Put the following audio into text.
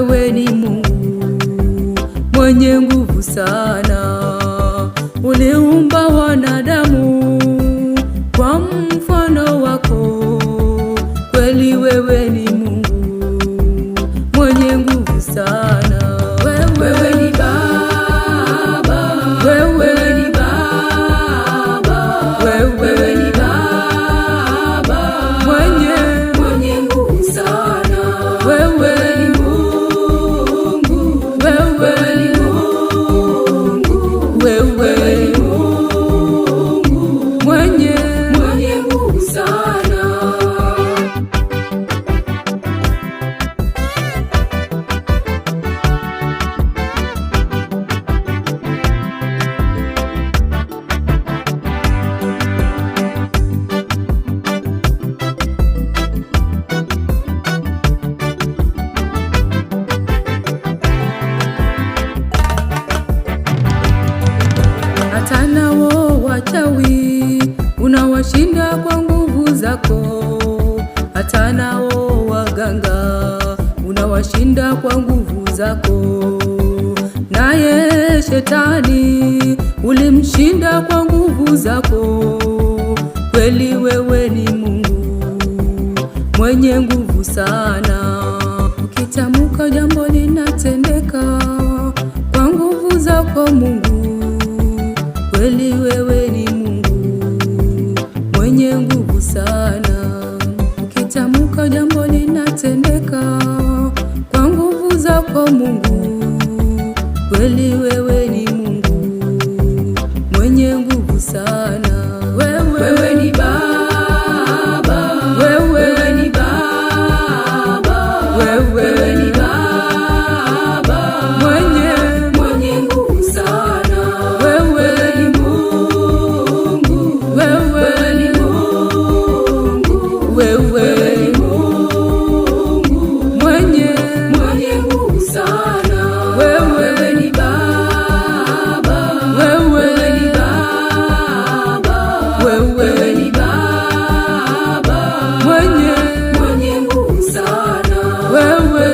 wewe ni Mungu mwenye nguvu sana, uliumba wanadamu kwa mfano wako. Kweli wewe ni Mungu mwenye nguvu sana. Washinda kwa nguvu zako, hata nao waganga unawashinda kwa nguvu zako. Naye shetani ulimshinda kwa nguvu zako. Kweli wewe ni Mungu mwenye nguvu sana, ukitamka jambo linatendeka kwa nguvu zako Mungu. wako Mungu, kweli wewe ni Mungu mwenye nguvu sana. Wewe, wewe ni Baba, wewe, wewe ni Baba, wewe, wewe away.